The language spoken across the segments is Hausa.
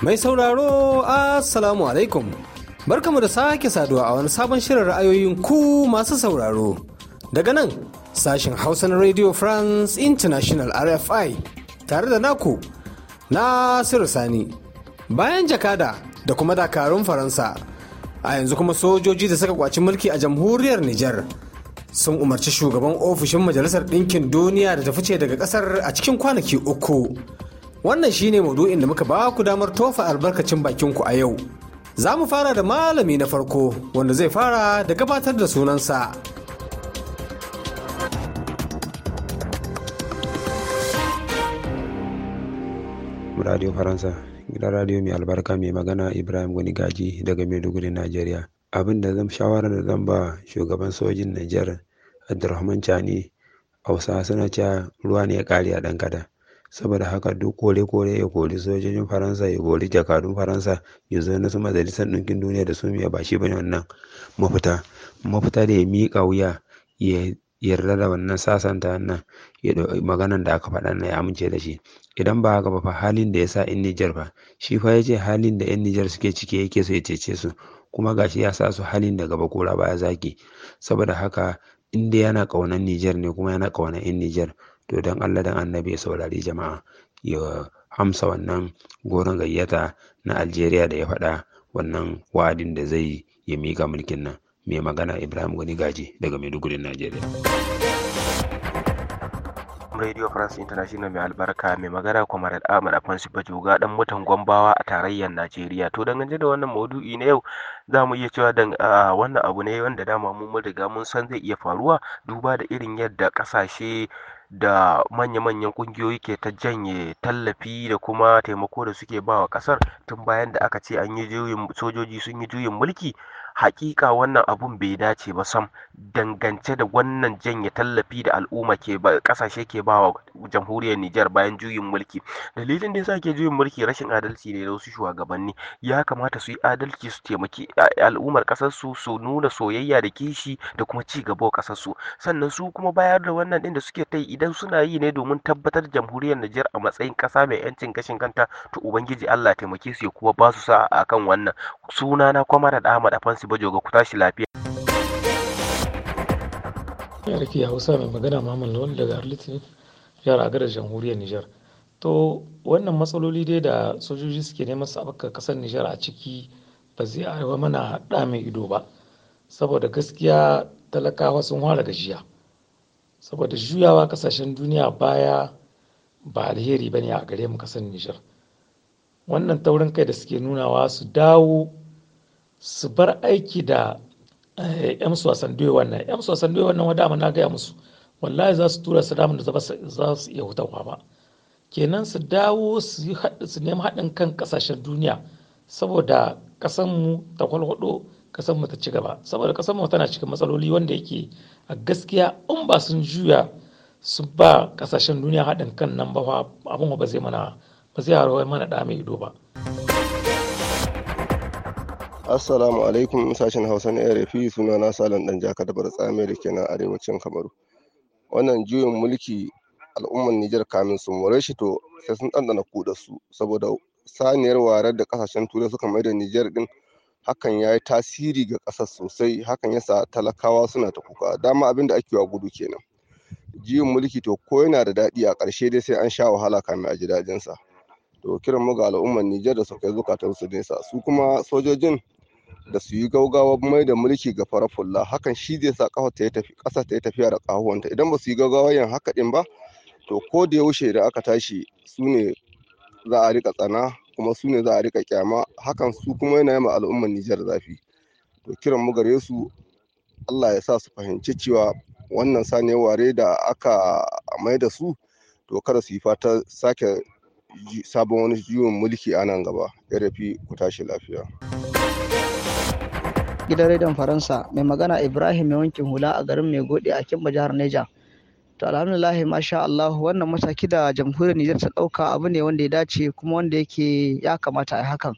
Mai sauraro Assalamu alaikum. Barkamu da sake saduwa a wani sabon shirin ra'ayoyin ku masu sauraro. Daga nan sashen Hausa na Radio France International RFI tare da naku Nasiru Sani. Bayan jakada da kuma dakarun Faransa, a yanzu kuma sojoji da suka kwaci mulki a jamhuriyar Nijar sun umarci shugaban ofishin majalisar ɗinkin duniya da ta fice daga ƙasar a cikin kwanaki uku wannan shine maudu'in da muka ba ku damar tofa albarkacin bakinku a yau za mu fara da malami na farko wanda zai fara da gabatar da sunansa radio faransa gidan radio mai albarka mai magana ibrahim gani gaji daga maiduguri nigeria abin da zan Shawara da zan ba shugaban sojin Nijar abdulrahman Chani Hausa suna cewa ruwa ne ya kare a ɗan kada. Saboda haka duk kore-kore ya kori sojojin Faransa, ya kori jakadun Faransa, ya zo na su majalisar ɗinkin duniya da su ya ba shi bane wannan mafita. Mafita da ya miƙa wuya ya yarda da wannan sasanta wannan maganan da aka faɗa na ya amince da shi idan ba haka ba fa halin da ya sa 'yan Nijar ba shi fa ya ce halin da 'yan Nijar suke ciki yake so ya cece su kuma gashi ya sa su halin daga gaba baya zaki saboda haka inda yana kaunar Nijar ne kuma yana kaunar 'yan Nijar to don Allah dan annabi ya saurari jama'a ya hamsa wannan goron gayyata na Algeria da ya faɗa wannan wa'adin da zai ya mika mulkin nan mai magana Ibrahim Gani Gaji daga Maiduguri nigeria. Radio France International mai albarka mai magana Kwamarar Ahmad Afansu Bajoga dan mutan Gwambawa a tarayyar Najeriya. To dangane da wannan maudu'i na yau za mu iya cewa dan wannan abu ne wanda dama mun riga mun san zai iya faruwa duba da irin yadda kasashe da manya-manyan kungiyoyi ke ta janye tallafi da kuma taimako da suke bawa wa kasar tun bayan da aka ce an yi sojoji sun yi juyin mulki hakika wannan abun bai dace ba sam dangance da wannan janye tallafi da al'umma ke kasashe ke bawa jamhuriyar Nijar bayan juyin mulki dalilin da yasa ke juyin mulki rashin adalci ne da wasu shugabanni ya kamata su yi adalci su taimaki al'ummar kasar su nuna soyayya da kishi da kuma ci gaba kasar sannan su kuma bayar da wannan din da suke ta yi idan suna yi ne domin tabbatar da jamhuriyar Nijar a matsayin kasa mai yancin gashin kanta to ubangiji Allah ya taimake su ya kuma ba su sa'a kan wannan sunana kwamar da Ahmad Afansi su ba joga ku tashi lafiya. yarki hausa mai magana maman lawan daga arliti jihar agadar jamhuriyar nijar to wannan matsaloli dai da sojoji suke neman su abaka kasar nijar a ciki ba zai aiwa mana da mai ido ba saboda gaskiya talakawa sun fara gajiya saboda juyawa kasashen duniya baya ba alheri ba ne a gare mu kasar nijar wannan taurin kai da suke nunawa su dawo su bar aiki da yan eh, wasan doyi wannan yan wasan doyi wannan wadda na gaya musu wallahi za su tura su damun da za su iya hutawa ba kenan su dawo su nemi haɗin kan ƙasashen duniya saboda ƙasanmu ta kwalwado ƙasanmu ta ci gaba saboda ƙasanmu tana cikin matsaloli wanda yake a gaskiya in ba sun juya su ba ƙasashen duniya haɗin kan nan ba abin ba zai mana ba zai mana ɗa mai ido ba. assalamu alaikum sashen hausa na rfi suna na salon dan jaka da tsami da ke nan arewacin kamaru wannan juyin mulki al'ummar nijar kamin sun more shi to sai sun ɗanɗana kuɗa su saboda saniyar warar da ƙasashen turai suka mai da nijar din hakan ya yi tasiri ga ƙasar sosai hakan ya sa talakawa suna ta kuka dama abin da ake wa gudu kenan jiyin mulki to ko yana da daɗi a ƙarshe dai sai an sha wahala kamin a ji daɗinsa to kiran mu ga al'ummar nijar da su kai zukatansu nesa su kuma sojojin da su yi gaugawa mai da mulki ga farafulla hakan shi zai sa kafa ta tafi kasa ta tafiya da kahuwanta idan ba su yi gaugawa yin haka din ba to ko da yaushe da aka tashi su ne za a rika tsana kuma su ne za a rika kyama hakan su kuma yana ma al'ummar Nijar zafi to kiran mu gare su Allah ya sa su fahimci cewa wannan saniyar ware da aka mai da su to kada su yi fata sake sabon wani juyin mulki a nan gaba ya rafi ku tashi lafiya. gidan rediyon faransa mai magana ibrahim mai wankin hula a garin mai gode a kimba jihar neja to alhamdulillah masha Allah wannan mataki da jamhuriyar Nijar ta ɗauka abu ne wanda ya dace kuma wanda yake ya kamata a hakan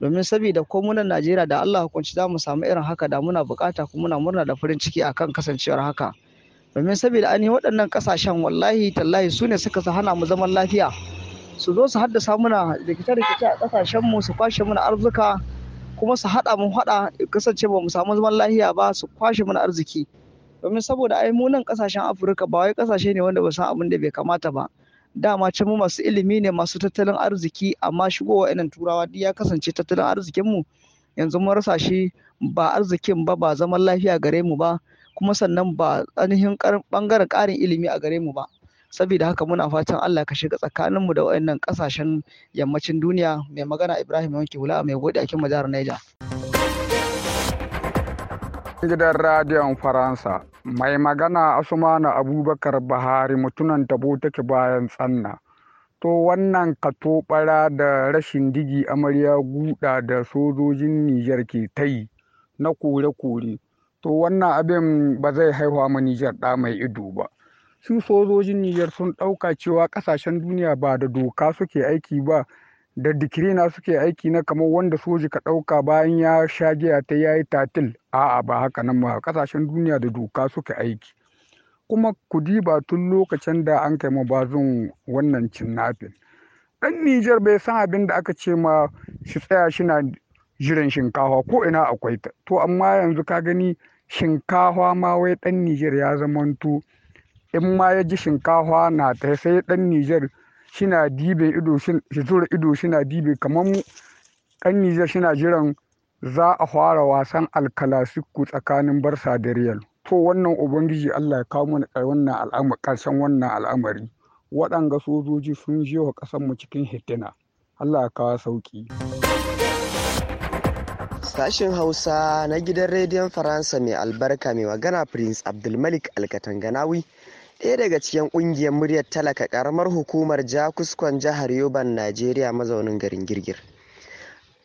domin saboda ko Najeriya da Allah hukunci za mu samu irin haka da muna bukata kuma muna murna da farin ciki akan kasancewar haka domin saboda ainihin waɗannan ƙasashen wallahi tallahi su ne suka hana mu zaman lafiya su zo su haddasa muna rikice-rikice a ƙasashenmu su kwashe muna arzuka kuma su haɗa mu haɗa kasance ba mu samu zaman lahiya ba su kwashe mana arziki domin saboda ai mu nan kasashen afirka ba wai kasashe ne wanda ba san abin da bai kamata ba dama can mu masu ilimi ne masu tattalin arziki amma shigowa irin turawa duk ya kasance tattalin arzikin mu yanzu mun rasa shi ba arzikin ba ba zaman lafiya gare mu ba kuma sannan ba ainihin bangaren ƙarin ilimi a gare mu ba saboda haka muna fatan Allah ka shiga tsakaninmu da wannan kasashen yammacin duniya mai magana Ibrahim Yanki Hula mai gode a kin jihar Niger. gidan radiyon faransa mai magana asumana abubakar bahari mutunan tabo take bayan tsanna to wannan katobara da rashin digi amarya guda da sojojin nijar ke ta yi na kore-kore to wannan abin ba zai haihuwa ma nijar ɗa mai ido ba su sojojin Nijar sun ɗauka cewa ƙasashen duniya ba da doka suke aiki ba da dikiri na suke aiki na kamar wanda soji ka ɗauka bayan ya sha giya ta yayi tatil a'a ba haka nan ba ƙasashen duniya da doka suke aiki kuma ku ba tun lokacin da an kai mabazin wannan cinnafin ɗan Nijar bai san abin da aka ce ma shi tsaya shina jiran shinkafa ko ina akwai ta to amma yanzu ka gani shinkafa ma wai ɗan Nijar ya zamanto in ma ya ji shinkafa na ta sai ɗan Nijar shina dibe ido shi zura ido shina dibe kamar mu ɗan Nijar shina jiran za a fara wasan alkalasiku tsakanin Barsa da riyal. To wannan Ubangiji Allah ya kawo mana wannan al'amari ƙarshen wannan al'amari. Waɗanga sojoji sun je wa ƙasar mu cikin hitina. Allah ya kawo sauƙi. sashin Hausa na gidan rediyon Faransa mai albarka mai magana Prince Abdulmalik Alkatanganawi. ɗaya daga cikin ƙungiyar muryar talaka ƙaramar hukumar jakuskon jihar yoban najeriya mazaunin garin girgir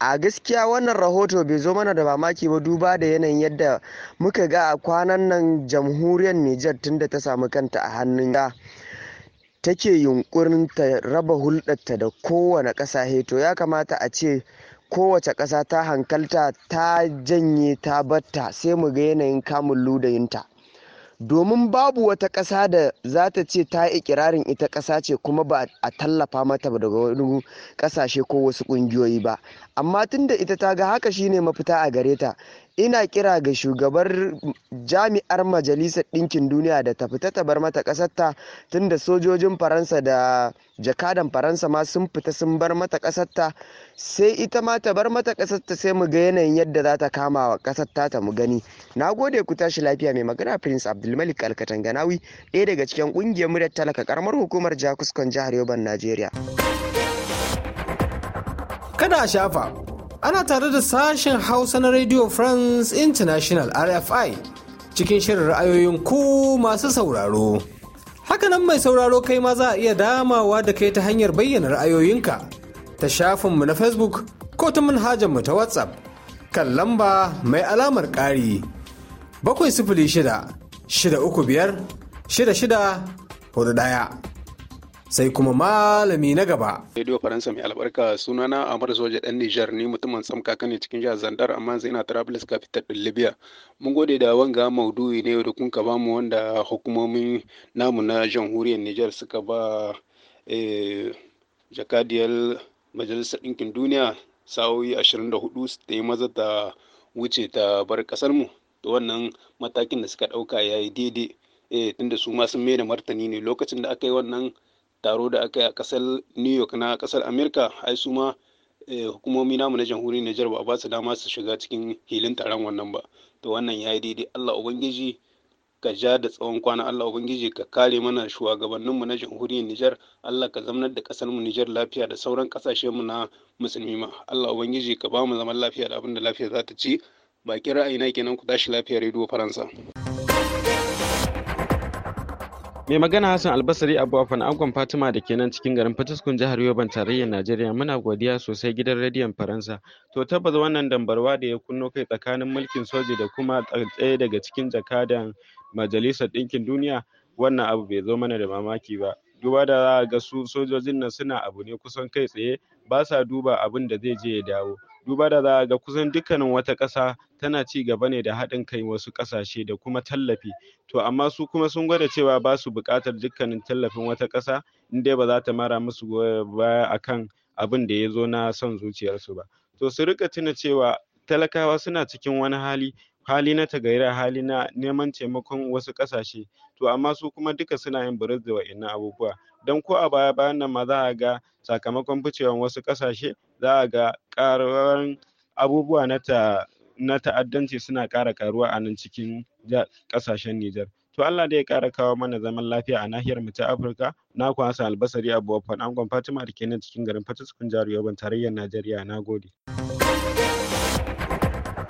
a gaskiya wannan rahoto bai zo mana da mamaki ba duba da yanayin yadda muka ga a kwanan nan jamhuriyar nijar tunda ta samu kanta a hannun ga take yunkurin ta raba hulɗarta da kowane ƙasa to ya kamata a ce kowace ƙasa ta hankalta ta janye ta batta sai mu ga yanayin kamun ludayinta domin babu wata ƙasa da za ta ce ta ikirarin ita ƙasa ce kuma ba a tallafa mata daga wani ƙasashe ko wasu ƙungiyoyi ba amma tunda ita ta ga haka shine mafita a gare ta ina kira ga shugabar jami'ar majalisar ɗinkin duniya da ta fita ta bar mata ƙasarta tunda sojojin faransa da jakadan faransa ma sun fita sun bar mata ƙasarta sai ita ma ta bar mata ƙasarta sai mu ga yanayin yadda za ta kama wa ƙasarta ta mu gani na gode ku tashi lafiya mai magana prince abdulmalik alkatanganawi ɗaya daga cikin ƙungiyar muryar talaka karamar hukumar jakuskon jihar yoban najeriya Kada a shafa, ana tare da sashen Hausa na Radio France International RFI cikin shirin ra'ayoyin ku masu sauraro. Hakanan mai sauraro kai ma za a iya damawa da kai ta hanyar bayyana ra'ayoyinka ta shafinmu na Facebook ko ta manhajarmu ta WhatsApp kan lamba mai alamar ƙari. Bakwai sifili shida, shida uku biyar, shida shida, hudu ɗaya. sai kuma malami na gaba. Radio Faransa mai albarka sunana Amar Soja ɗan Nijar ni mutumin tsamkaka ne cikin jihar Zandar amma yanzu ina Travelers capital din Libya. Mun gode da wanga maudu'i ne da kun ka ba mu wanda hukumomin namu na jamhuriyar Nijar suka ba eh, jakadiyar majalisar ɗinkin duniya sa'o'i 24 su ta yi maza ta wuce ta bar ƙasar mu. To wannan matakin da suka ɗauka ya yi daidai. Eh, tunda su ma sun mai da martani ne lokacin da aka yi wannan taro da aka yi a kasar new york na kasar america ai su ma eh, hukumomi namu na jamhuriyar nijar ba a su dama su shiga cikin hilin taron wannan ba to wannan ya yi daidai allah ubangiji ka ja da tsawon kwana Allah Ubangiji ka kare mana shugabanninmu na jamhuriyar Nijar Allah ka zamanar da kasar mu Nijar lafiya da sauran kasashen mu na musulmi ma Allah Ubangiji ka ba mu zaman lafiya da abin da lafiya za ta ci baki ra'ayi na kenan ku tashi lafiya rediyo Faransa Mai magana Hassan Albasari Abu fana-agon Fatima da kenan cikin garin Fataskun jihar Yoban tarayyar Najeriya muna godiya sosai gidan rediyon Faransa. To tabbas wannan dambarwa da ya kunno kai tsakanin mulkin soji da kuma tsaye daga cikin jakadan Majalisar Ɗinkin Duniya wannan abu bai zo mana da mamaki ba. Duba da za a ga su sojojin nan suna abu ne kusan kai tsaye ba sa duba abin da zai je ya dawo. duba da za a ga kusan dukkanin wata ƙasa tana ci gaba ne da haɗin kai wasu ƙasashe da kuma tallafi to amma su kuma sun gwada cewa ba su buƙatar dukkanin tallafin wata ƙasa in dai ba za ta mara musu baya akan abin da ya zo na son zuciyarsu ba to su rika tuna cewa talakawa suna cikin wani hali hali na tagayyara hali na neman taimakon wasu kasashe, to amma su kuma duka suna yin burus da wa'innan abubuwa don ko a baya bayan nan ma za a ga sakamakon ficewan wasu ƙasashe za a ga ƙaruwan abubuwa na ta na ta'addanci suna ƙara ƙaruwa a nan cikin ƙasashen Nijar. To Allah dai ya ƙara kawo mana zaman lafiya a nahiyar mu ta Afirka. Na ku Hassan Albasari Abubakar Angon Fatima da ke nan cikin garin Fatiskun Jihar Yobe tarayyar Najeriya. Na gode.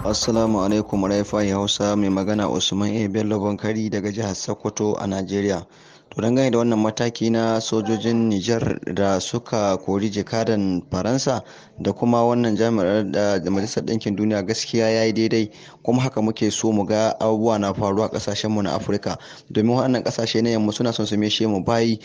Assalamu alaikum ya Hausa mai magana Usman A. Bello Bankari daga jihar Sokoto a nigeria To dangane da wannan mataki na sojojin niger da suka kori jikadan Faransa da kuma wannan jami'ar da Majalisar Ɗinkin Duniya gaskiya ya yi daidai kuma haka muke so mu ga abubuwa na faruwa ƙasashenmu na Afirka domin waɗannan ƙasashe na yamma suna son su shi mu bayi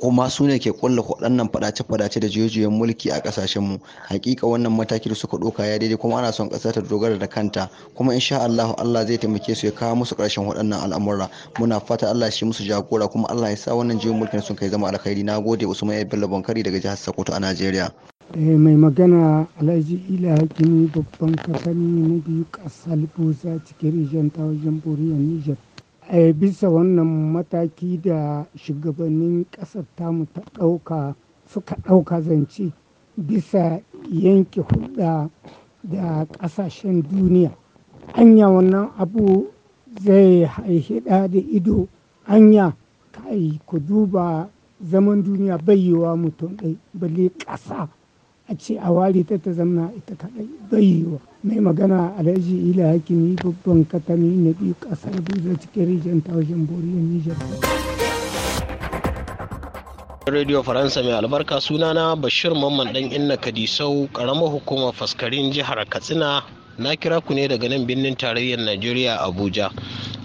kuma su ne ke kulla waɗannan fadace-fadace da jiyoyin mulki a ƙasashen mu hakika wannan mataki da suka ɗauka ya daidai kuma ana son ƙasa ta dogara da kanta kuma insha Allah Allah zai taimake su ya kawo musu ƙarshen waɗannan al'amura muna fata Allah shi musu jagora kuma Allah ya sa wannan jiyoyin mulkin sun kai zama alkhairi nagode Usman Ibn Bello Bankari daga jihar Sokoto a Najeriya eh, mai magana alhaji ila hakimi babban kasani na biyu kasar busa cikin rijiyar ta wajen boriyar niger a bisa wannan mataki da shugabannin ƙasar tamu ta ɗauka suka ɗauka zance bisa yanke hulɗa da ƙasashen duniya anya wannan abu zai haihida da ido anya kai ku duba zaman duniya bayyewa mutum ɗai balle ƙasa a ce a ware ta ta zamna ita kaɗai bai yiwa mai magana alhaji ila yi babban katami na biyu ƙasar buzo cikin rijiyar tawashin boriya nijar Radio Faransa mai albarka suna na Bashir Mamman dan Inna Kadisau karamar hukumar faskarin jihar Katsina na kira ku ne daga nan birnin tarayyar Najeriya Abuja.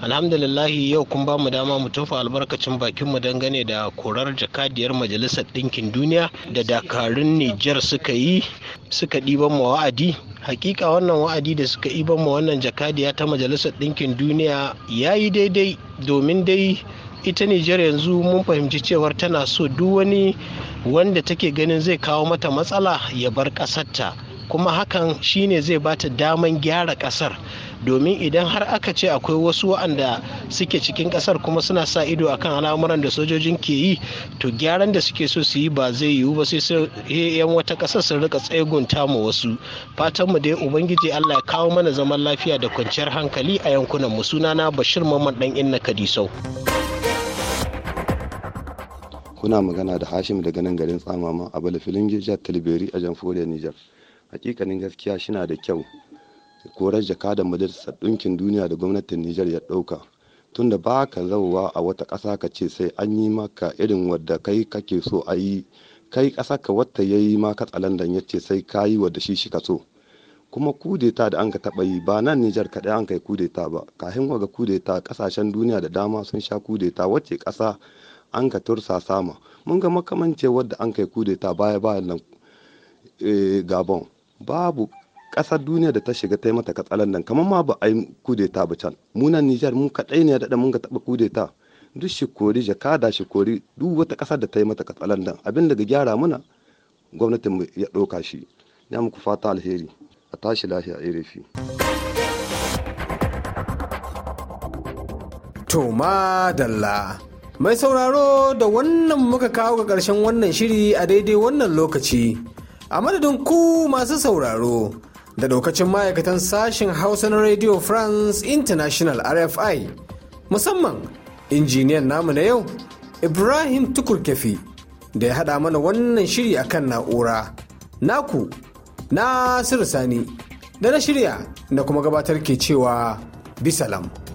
alhamdulillahi yau kun ba mu dama mu tofa albarkacin bakinmu dangane da korar jakadiyar majalisar ɗinkin duniya da dakarun nijar suka yi suka ɗiban ma wa'adi hakika wannan wa'adi da suka ɗiban ma wannan jakadiya ta majalisar ɗinkin duniya ya yi daidai domin dai ita nijar yanzu mun fahimci cewar tana so duk wani wanda take ganin zai kawo mata matsala ya bar ƙasarta. kuma hakan shine zai ba ta daman gyara kasar domin idan har aka ce akwai wasu waɗanda suke cikin ƙasar kuma suna sa ido akan al'amuran da sojojin ke yi to gyaran da suke so su yi ba zai yiwu ba sai yan wata ƙasar su rika tsegunta mu wasu fatanmu dai ubangiji allah ya kawo mana zaman lafiya da kwanciyar hankali a yankunan mu na bashir mamman dan inna kadisau kuna magana da hashim daga nan garin tsamama a bala filin jihar talibiri a jamhuriyar nijar hakikanin gaskiya shina da kyau korar da majalisar ɗinkin duniya da gwamnatin nijar ya ɗauka tunda ba ka zauwa a wata ƙasa ka ce sai an yi maka irin wadda kai kake so a yi kai ƙasa ka wata ya yi maka tsalandan ya ce sai ka yi wadda shi shi ka so kuma kudeta da an ka taɓa yi ba nan nijar kaɗai an kai kudeta ba kafin waga kudeta ƙasashen duniya da dama sun sha kudeta wacce ƙasa an ka tursa sama mun ga makamance wadda an kai kudeta baya bayan nan eh, gabon babu kasar duniya da ta shiga ta yi mata nan kamar ma ba a yi kudeta ba can munan nijar mu kaɗai ne da mun ga taɓa kudeta duk shikori jakada shikori duk wata ƙasar da ta yi mata nan abin ga gyara muna gwamnatin ya ɗauka shi ya muku fata alheri a tashi lafiya a irefi. To dalla Mai sauraro da wannan muka kawo ga karshen wannan shiri a daidai wannan lokaci. a madadin ku masu sauraro da daukacin ma'aikatan sashen hausa na radio france international rfi musamman injiniyan namu na yau ibrahim tukurkefi da ya haɗa mana wannan shiri akan na'ura naku nasiru sani da na shirya da kuma gabatar ke cewa bisalam.